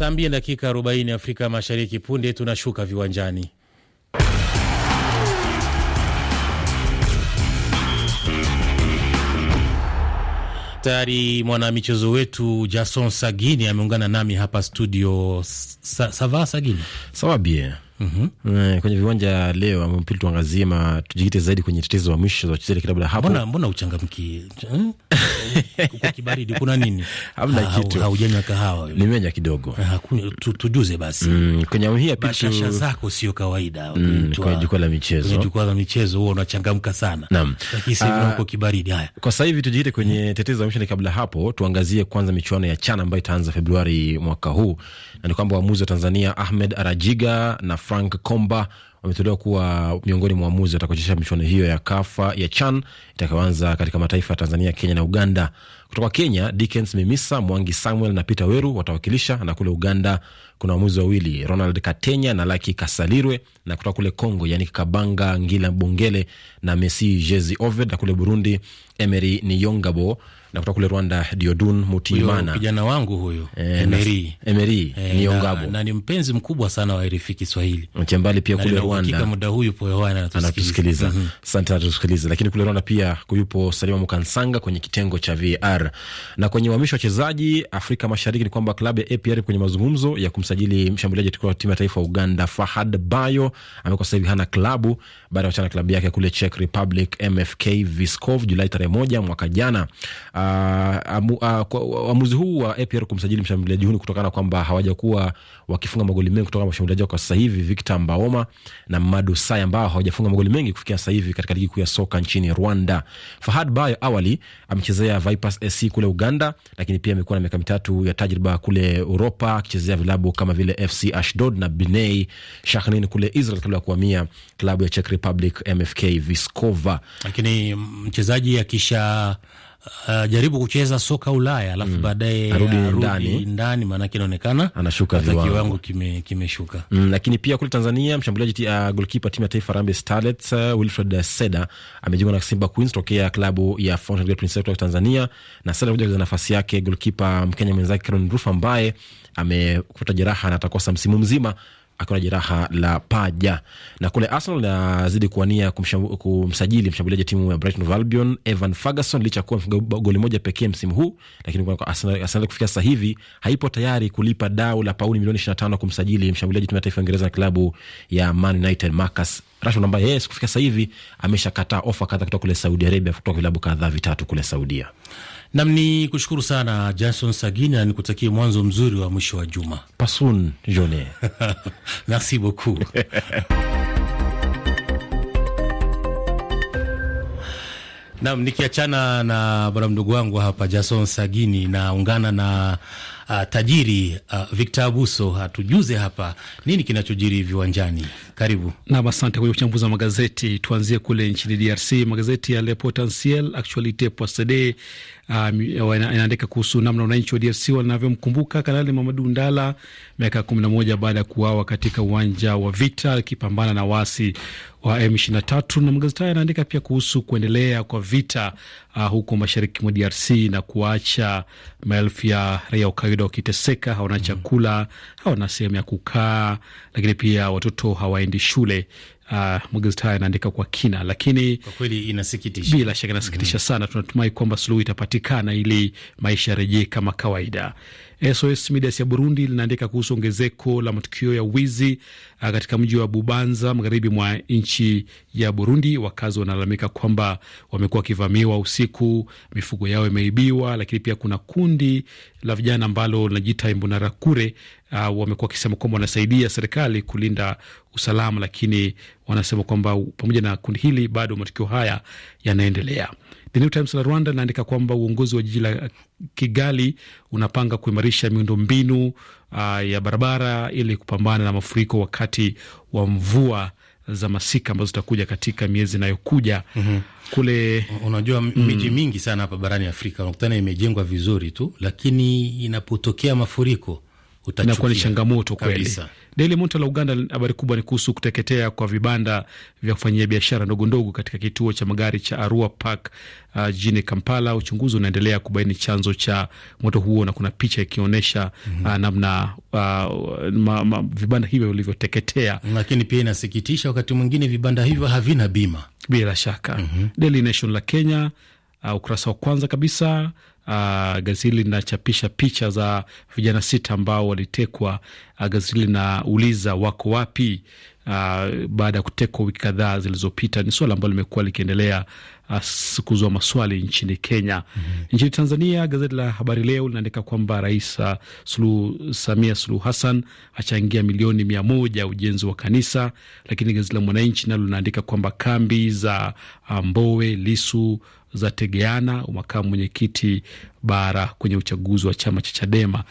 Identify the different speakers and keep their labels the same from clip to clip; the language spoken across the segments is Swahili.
Speaker 1: Saa mbili dakika 40 Afrika Mashariki. Punde tunashuka viwanjani. Tayari mwanamichezo wetu Jason Sagini ameungana nami hapa studio. Sa,
Speaker 2: sava Sagini, sawa bie. Mm -hmm. Eh, kwenye viwanja leo ambapo tuangazie ma tujikite zaidi kwenye tetezo wa mwisho za wachezaji hapo. Mbona
Speaker 1: mbona uchangamki? Eh?
Speaker 2: kibaridi kuna nini? Hamna kitu. Haujanywa
Speaker 1: kahawa? Nimenywa kidogo. Ah, tujuze basi. Mm, kwenye awamu hii ya picha bashasha zako sio
Speaker 2: kawaida. Mm, kwenye jukwaa la michezo. Kwenye jukwaa la michezo huwa unachangamka sana. Naam. Lakini sasa hivi ah, uko kibaridi haya. Kwa sasa hivi tujiite kwenye tetezi za mshindi. Kabla hapo tuangazie kwanza michuano ya CHAN ambayo itaanza Februari mwaka huu. Na ni kwamba waamuzi wa Tanzania Ahmed Arajiga na Frank Komba wametolewa kuwa miongoni mwa waamuzi watakuchezesha michuano hiyo ya Kafa ya CHAN itakayoanza katika mataifa ya Tanzania, Kenya na Uganda. Kutoka Kenya, Dickens Mimisa, Mwangi Samuel na Peter Weru watawakilisha, na kule Uganda kuna waamuzi wawili, Ronald Katenya na Laki Kasalirwe, na kutoka kule Congo, yani Kabanga Ngila Bongele na Messi Jezi Oved, na kule Burundi, Emery Niyongabo na kutoka kule Rwanda Diodun Mutimana,
Speaker 1: kijana wangu huyo
Speaker 2: e, eh, Emeri Emeri e, Niongabo na, eh,
Speaker 1: na ni mpenzi mkubwa sana wa RFI Kiswahili Mchembali pia na kule Rwanda kika muda
Speaker 2: huyu po hewani anatusikiliza, mhm. asante anatusikiliza. Lakini kule Rwanda pia kuyupo Salima Mukansanga kwenye kitengo cha VR Na kwenye uhamisho wa wachezaji Afrika Mashariki ni kwamba klabu ya APR kwenye mazungumzo ya kumsajili mshambuliaji wa timu ya taifa ya Uganda Fahad Bayo amekuwa sasa hivi hana klabu baada ya kuachana klabu yake kule Czech Republic MFK Viskov Julai tarehe moja mwaka jana. Ah, ah, uamuzi uh, uh, huu wa APR kumsajili mshambuliaji huyu kutokana na kwamba hawajakuwa wakifunga magoli mengi kutoka mashambuliaji kwa sasa hivi Victor Mbaoma na Madu Sai ambao hawajafunga magoli mengi kufikia sasa hivi katika ligi kuu ya soka nchini Rwanda. Fahad Bayo awali amechezea Vipers SC kule Uganda, lakini pia amekuwa na miaka mitatu ya tajriba kule Uropa akichezea vilabu kama vile FC Ashdod na Binei Shahnin kule Israel kabla ya kuhamia klabu ya Czech Republic MFK Viskova. Lakini mchezaji akisha uh, jaribu kucheza soka Ulaya alafu mm. baadaye arudi ndani ndani, maanake inaonekana anashuka viwango, kiwango kimeshuka kime mm. Lakini pia kule Tanzania mshambuliaji uh, golkipa timu ya taifa Harambee Starlets uh, Wilfred Seda amejiunga na Simba Queens tokea klabu ya Fountain Gate Princess kutoka Tanzania, na Seda kuja kucheza nafasi yake golkipa Mkenya mwenzake Karon Rufa ambaye amepata jeraha na atakosa msimu mzima akiwa na jeraha la paja. Na kule Arsenal nazidi kuwania kumsajili mshambuliaji timu ya Brighton of Albion Evan Ferguson licha kuwa mfunga goli moja pekee msimu huu, lakini kwa Arsenal, Arsenal kufikia sasa hivi haipo tayari kulipa dau la pauni milioni 25 kumsajili mshambuliaji timu ya taifa ya Uingereza na klabu ya Man United Marcus Rashford ambaye yeye kufikia sasa hivi ameshakataa ofa kadha kutoka kule Saudi Arabia, kutoka vilabu kadhaa vitatu kule Saudia.
Speaker 1: Nam ni kushukuru sana Jason Sagini na nikutakie mwanzo mzuri wa mwisho wa juma. Pasun jone merci beaucoup Nam, nikiachana na bwana mdogo wangu hapa Jason Sagini, naungana na uh, tajiri uh, Victor Abuso atujuze hapa nini kinachojiri viwanjani. Karibu nam. Asante kwenye wa magazeti. Tuanzie kule nchini DRC, magazeti ya Le Potentiel,
Speaker 3: Actualite Poisede uh, inaandika kuhusu namna wananchi wa DRC wanavyomkumbuka Kanali Mamadu Ndala miaka kumi na moja baada ya kuawa katika uwanja wa vita akipambana na wasi wa M23 na magazeti haya yanaandika pia kuhusu kuendelea kwa vita uh, huko mashariki mwa DRC na kuacha maelfu ya raia wa kawaida wakiteseka, hawana mm-hmm. chakula, hawana sehemu ya kukaa, lakini pia watoto hawaendi shule. Uh, ah, magazeti haya yanaandika kwa kina, lakini kwa kweli inasikitisha, bila shaka inasikitisha mm -hmm. sana. Tunatumai kwamba suluhu itapatikana ili maisha yarejee kama kawaida. SOS Medias ya Burundi linaandika kuhusu ongezeko la matukio ya wizi ah, katika mji wa Bubanza, magharibi mwa nchi ya Burundi. Wakazi wanalalamika kwamba wamekuwa wakivamiwa usiku, mifugo yao imeibiwa. Lakini pia kuna kundi la vijana ambalo linajiita Imbonerakure. Uh, ah, wamekuwa wakisema kwamba wanasaidia serikali kulinda usalama, lakini wanasema kwamba pamoja na kundi hili bado matukio haya yanaendelea. The New Times la Rwanda linaandika kwamba uongozi wa jiji la Kigali unapanga kuimarisha miundombinu uh, ah, ya barabara ili kupambana na mafuriko wakati wa mvua
Speaker 1: za masika ambazo zitakuja katika miezi inayokuja. Mhm. mm -hmm. Kule unajua miji mm, mingi sana hapa barani Afrika unakutana imejengwa vizuri tu, lakini inapotokea mafuriko inakuwa ni changamoto kweli. Daily Monitor la Uganda, habari kubwa ni kuhusu
Speaker 3: kuteketea kwa vibanda vya kufanyia biashara ndogo ndogo katika kituo cha magari cha Arua Park uh, jijini uh, Kampala. Uchunguzi unaendelea kubaini chanzo cha moto huo, na kuna picha ikionyesha mm -hmm. uh, namna uh, ma, ma, vibanda hivyo vilivyoteketea. Lakini pia inasikitisha, wakati mwingine vibanda hivyo havina bima bila shaka. mm -hmm. Daily Nation la Kenya, uh, ukurasa wa kwanza kabisa Uh, gazeti hili linachapisha picha za vijana sita ambao walitekwa. Uh, gazeti hili linauliza wako wapi? Uh, baada ya kutekwa wiki kadhaa zilizopita, ni swala ambalo limekuwa likiendelea siku za maswali nchini Kenya. mm -hmm. Nchini Tanzania, gazeti la Habari Leo linaandika kwamba Rais uh, Suluhu, Samia Suluhu Hassan achangia milioni mia moja ujenzi wa kanisa, lakini gazeti la Mwananchi nalo linaandika kwamba kambi za uh, Mbowe, Lisu za tegeana makamu mwenyekiti bara kwenye uchaguzi wa chama cha Chadema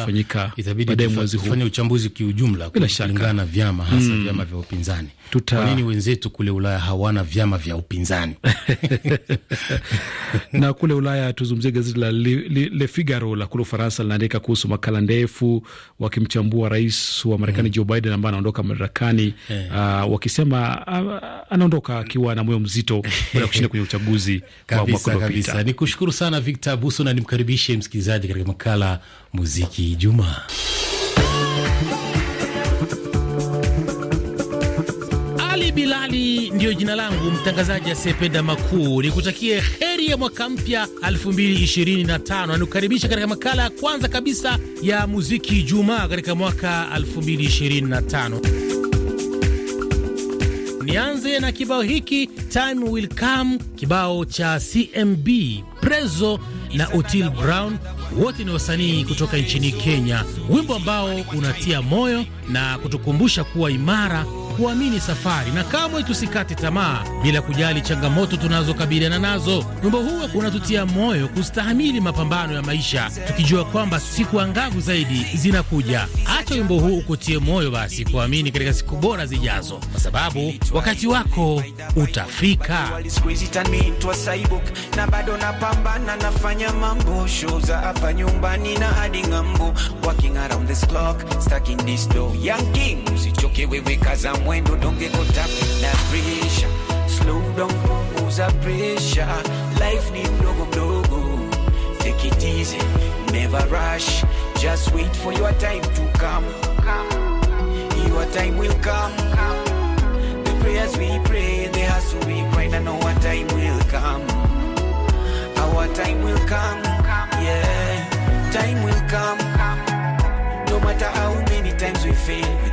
Speaker 3: kufanyika
Speaker 1: baadaye mwezi huu. Fanya uchambuzi kiujumla kulingana na vyama hasa mm, vyama vya upinzani. Tuta... kwa nini wenzetu kule Ulaya hawana vyama vya upinzani?
Speaker 3: na kule Ulaya tuzungumzie gazeti la Le, Le, Le Figaro la kule Ufaransa linaandika kuhusu makala ndefu wakimchambua rais wa Marekani mm. Joe Biden ambaye anaondoka madarakani yeah.
Speaker 1: Eh. Uh, wakisema uh, anaondoka akiwa na moyo mzito baada ya kushinda kwenye uchaguzi wa mwaka uliopita. Ni kushukuru sana Victor Buso na nimkaribishe msikilizaji katika makala muziki Ijumaa. Ali Bilali ndiyo jina langu, mtangazaji asiyependa makuu. Nikutakie heri ya mwaka mpya 2025 na nikukaribisha katika makala ya kwanza kabisa ya muziki Ijumaa katika mwaka 2025. Nianze na kibao hiki Time Will Come, kibao cha CMB Prezo na otil Brown, wote ni wasanii kutoka nchini Kenya, wimbo ambao unatia moyo na kutukumbusha kuwa imara kuamini safari na kamwe tusikate tamaa bila kujali changamoto tunazokabiliana nazo. Wimbo huo unatutia moyo kustahamili mapambano ya maisha, tukijua kwamba siku angavu zaidi zinakuja. Acha wimbo huu ukutie moyo basi kuamini katika siku bora zijazo, kwa sababu wakati wako utafika.
Speaker 4: Na bado napambana, nafanya mambo show za hapa nyumbani na hadi ng'ambo, working around this clock, stuck in this door, young king, usichoke wewe mwendo donge kotape na pressure. slow down, punguza pressure. Life no go, no go. take it easy, never rush. Just wait for your time to come. Your time will come. The prayers we pray, the hustle we grind, know our time will come. Our time will come. Yeah, time will come. No matter how many times we fail.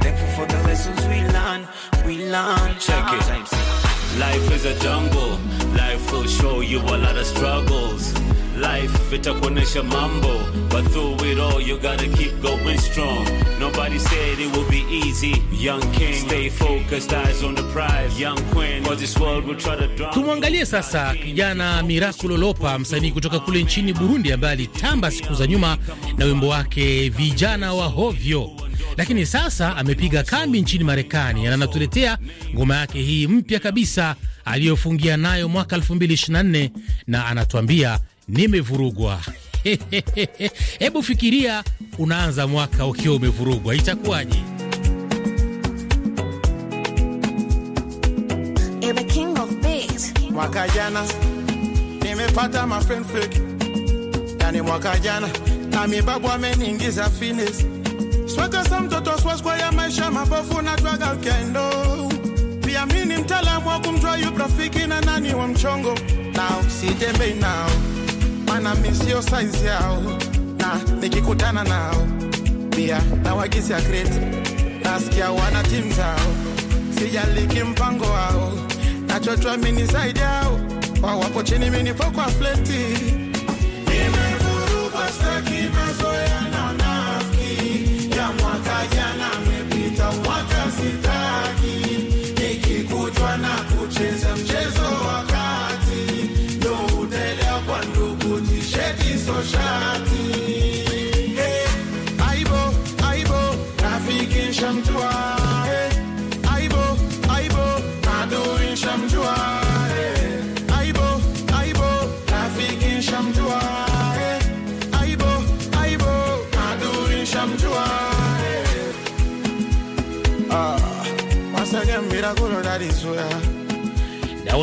Speaker 4: Babylon.
Speaker 1: Check it. Life is a jungle. Life will show you a lot of struggles. Life itakuonesha mambo, but through it all you gotta keep going strong. Nobody said it will be easy. Young king, stay focused, eyes on the prize. Young queen, cause this world will try to drown. Tumwangalie sasa kijana Miraculo Lopa, msanii kutoka kule nchini Burundi ambaye alitamba siku za nyuma na wimbo wake vijana wa hovyo lakini sasa amepiga kambi nchini Marekani na anatuletea ngoma yake hii mpya kabisa aliyofungia nayo mwaka 2024 na anatuambia nimevurugwa. Hebu fikiria, unaanza mwaka ukiwa umevurugwa, itakuwaje?
Speaker 5: Mwaka jana nimepata mafrenfek, yani mwaka jana na mibabu ameniingiza finis Swakasa mtoto ya maisha mabofu na twaga ukendo. Pia mi ni mtaalamu wa kumjua yu rafiki na nani wa mchongo. Nao sitembei nao, mana mi sio saizi yao, na nikikutana nao pia nawagisia kreti, nasikia wana team zao, sijaliki mpango wao, nachochwa mimi ni side yao, wawapo chini mimi nipo kwa fleti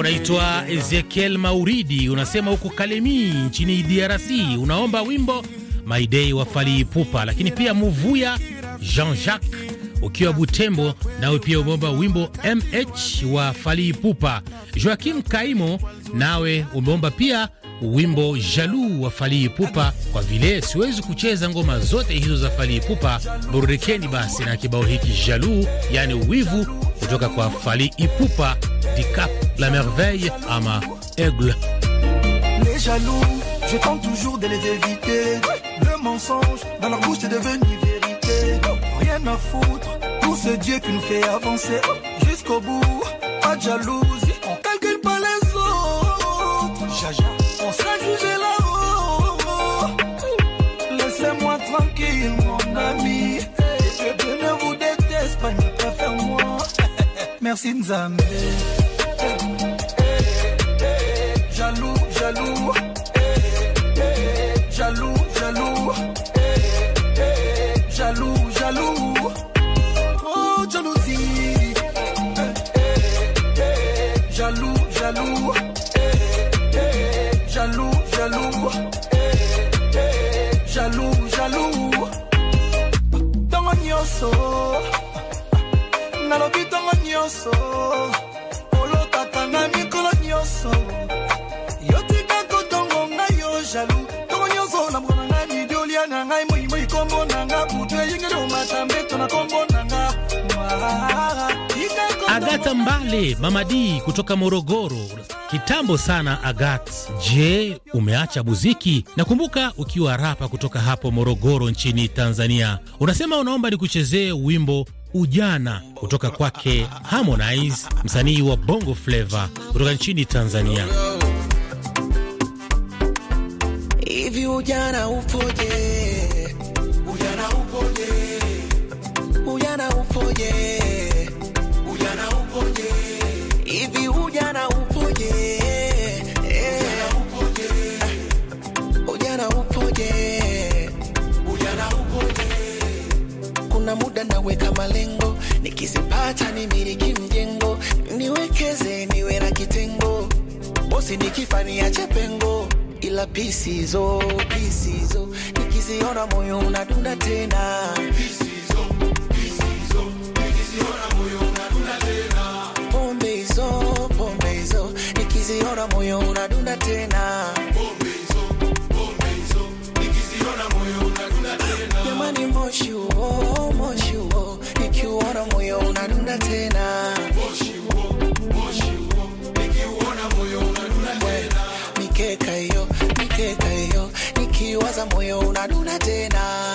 Speaker 1: unaitwa Ezekiel Mauridi, unasema huko Kalemi nchini DRC, unaomba wimbo maidei wa Fally Pupa, lakini pia Muvuya Jean-Jacques ukiwa Butembo, nawe pia umeomba wimbo MH wa Fally Pupa. Joakim Kaimo, nawe umeomba pia wimbo jalu wa fali Ipupa. Kwa vile siwezi kucheza ngoma zote hizo za fali Ipupa, burudikeni basi na kibao hiki jalu, yani uwivu, kutoka kwa Fally Ipupa. la merveille, Ama, Aigle.
Speaker 6: Les jaloux, je tente toujours de les éviter. Le mensonge, dans la bouche, est devenu vérité. Rien à foutre, tout ce Dieu qui nous fait avancer. Jusqu'au bout, pas de jalousie, on calcule pas les autres. on sera jugé là-haut.
Speaker 7: Laissez-moi
Speaker 6: tranquille, mon ami. Je ne vous déteste pas, ne préfère moi. Merci Nzame jaloux. Eh, eh, jaloux, jaloux. Eh, eh, jaloux, jaloux. Oh, jalousie. Jaloux, jaloux. Jaloux, jaloux. Jaloux, jaloux. Tongo nyoso. Nalobi tongo nyoso.
Speaker 1: Tambale Mamadi kutoka Morogoro, kitambo sana Agat. Je, umeacha muziki? Nakumbuka ukiwa rapa kutoka hapo Morogoro nchini Tanzania, unasema unaomba nikuchezee wimbo Ujana kutoka kwake Harmonize, msanii wa Bongo Flava kutoka nchini Tanzania.
Speaker 4: Hivi ujana upoje? Ujana upoje? Ujana upoje? upoje? Hivi ujana upoje? Ujana upoje? Ujana upoje? Kuna muda naweka malengo, nikizipata nimiliki mjengo, niwekeze niwe na kitengo, bosi nikifania chepengo ila pisizo pisizo, nikiziona moyo unadunda tena pisi. nikiziona moyo unadunda tena. Jamani moshi huo, moshi huo, nikiuona moyo unadunda tena. Mikeka hiyo, mikeka hiyo, nikiwaza moyo unadunda tena.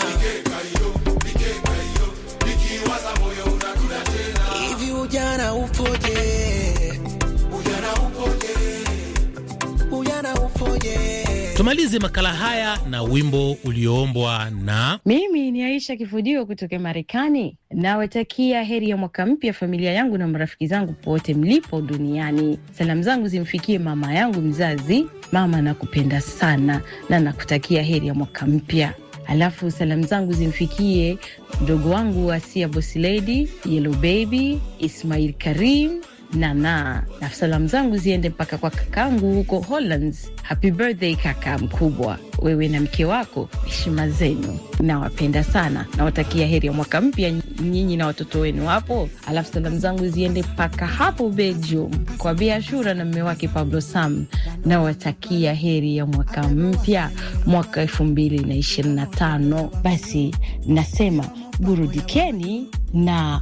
Speaker 1: Tumalize makala haya na wimbo ulioombwa na
Speaker 7: mimi ni Aisha Kifudio kutoka Marekani. Nawatakia heri ya mwaka mpya familia yangu na marafiki zangu pote mlipo duniani. Salamu zangu zimfikie mama yangu mzazi. Mama, nakupenda sana na nakutakia heri ya mwaka mpya. Alafu salamu zangu zimfikie mdogo wangu Asia Bosiledi, Yellow Baby, Ismail Karim nana na salamu zangu ziende mpaka kwa kakangu huko Hollands. Happy birthday kaka mkubwa, wewe na mke wako, heshima zenu, nawapenda sana, nawatakia heri ya mwaka mpya nyinyi na watoto wenu hapo. Alafu salamu zangu ziende mpaka hapo Belgium kwa biashura na mme wake Pablo Sam, nawatakia heri ya mwaka mpya, mwaka elfu mbili na ishirini na tano. Basi nasema burudikeni na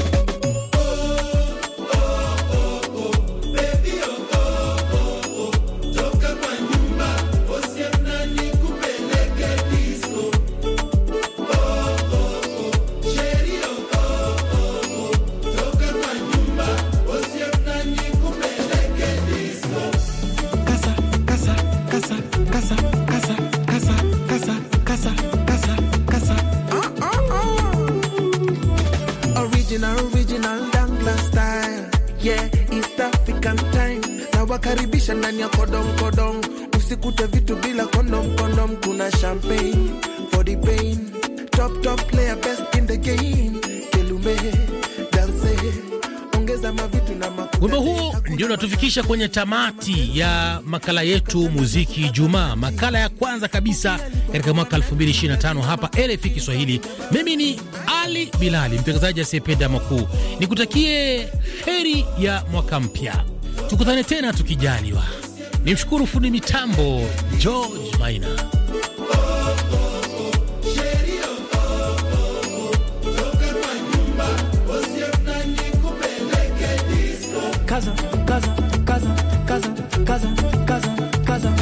Speaker 4: original, original Dangla style. Yeah, East African time. Nawakaribisha ndani ya kodom kodom. Usikute vitu bila kondom kondom. Kuna champagne for the pain. Top top player best in the game. Kelumbe, dance
Speaker 1: Wimbo huu ndio unatufikisha kwenye tamati ya makala yetu muziki jumaa makala ya kwanza kabisa katika mwaka 2025 hapa RFI Kiswahili. Mimi ni Ali Bilali, mtangazaji asiyependa makuu, nikutakie heri ya mwaka mpya, tukutane tena tukijaliwa. Nimshukuru fundi mitambo George Maina.
Speaker 6: casa,
Speaker 4: casa, casa, casa, casa, casa, Gaza.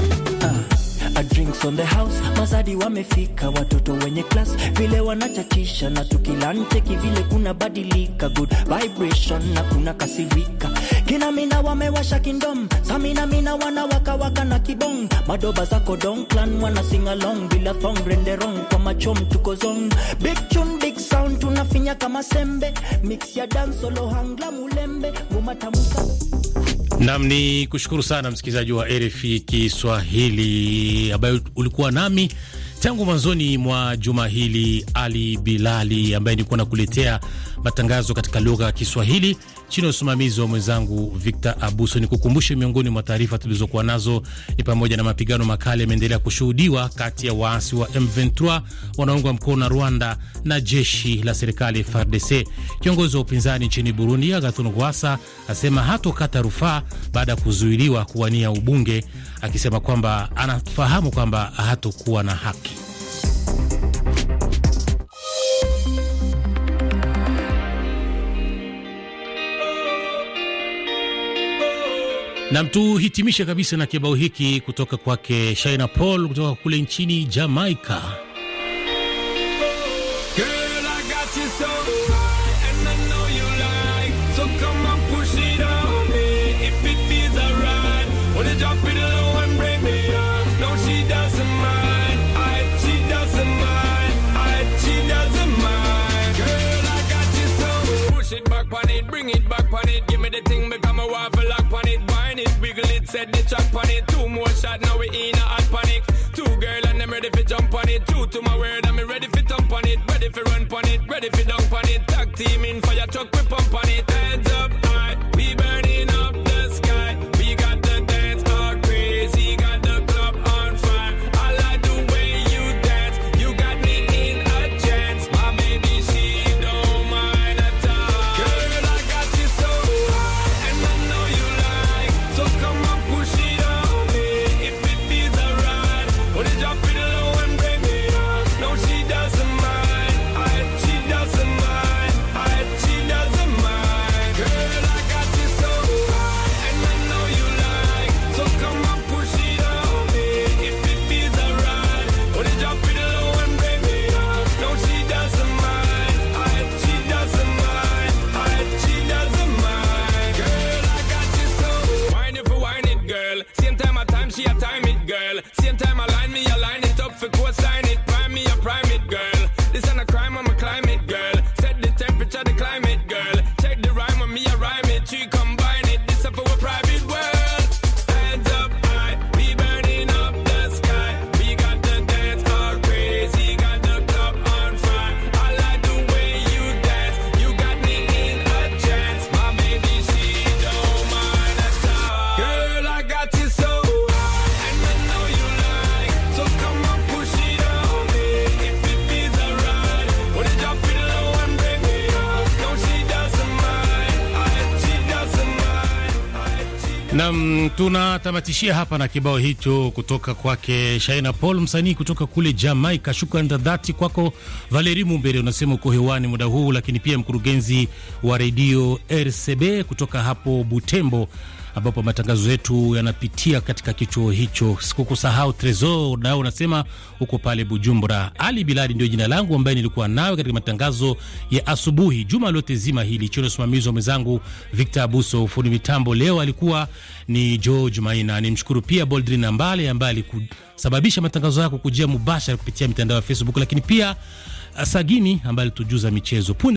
Speaker 4: Uh, drinks on the house, Mazadi wamefika, watoto wenye class vile wanachachisha na tukila ncheki vile kuna badilika, good vibration na kuna kasirika kina mina wamewasha kindom samina mina wanawaka waka na kibong madoba zako don clan wana sing along bila thong renderong kwa machom tuko zong big chumbi sound tunafinya kama sembe, mix ya dance solo hangla mulembe ngoma tamu
Speaker 1: Nam ni kushukuru sana msikilizaji wa RFI Kiswahili ambaye ulikuwa nami tangu mwanzoni mwa juma hili. Ali Bilali ambaye nilikuwa nakuletea matangazo katika lugha ya Kiswahili chini ya usimamizi wa mwenzangu Victor Abuso. Ni kukumbushe miongoni mwa taarifa tulizokuwa nazo ni pamoja na mapigano makali yameendelea kushuhudiwa kati ya waasi wa M23 wanaungwa mkono na Rwanda na jeshi la serikali FARDC. Kiongozi wa upinzani nchini Burundi Agathon Rwasa asema hatokata rufaa baada ya kuzuiliwa kuwania ubunge, akisema kwamba anafahamu kwamba hatokuwa na haki. Nam, tuhitimishe kabisa na kibao hiki kutoka kwake Shaina Paul kutoka kule nchini jamaika
Speaker 5: Bring it back on it, give me the thing, become a wife. it. Two more shots, now we in a hot panic. Two girl and I'm ready for jump on it. Two to my word, I'm ready for jump on it. Ready for run on it, ready for dunk on it. Tag team in fire truck, we pump on it. Heads
Speaker 1: Tunatamatishia hapa na kibao hicho kutoka kwake Shaina Paul, msanii kutoka kule Jamaica. Shukrani za dhati kwako Valeri Mumbere, unasema uko hewani muda huu, lakini pia mkurugenzi wa redio RCB kutoka hapo Butembo ambapo matangazo yetu yanapitia katika kichuo hicho. Sikukusahau Tresor, nao unasema huko pale Bujumbura. Ali Biladi ndio jina langu, ambaye nilikuwa nawe katika matangazo ya asubuhi juma lote zima hili, chini ya usimamizi wa mwenzangu Victor Abuso. Ufundi mitambo leo alikuwa ni George Maina. Nimshukuru pia Boldrin Ambale ambaye alikusababisha matangazo yako kujia mubashara kupitia mitandao ya Facebook, lakini pia Sagini ambaye alitujuza michezo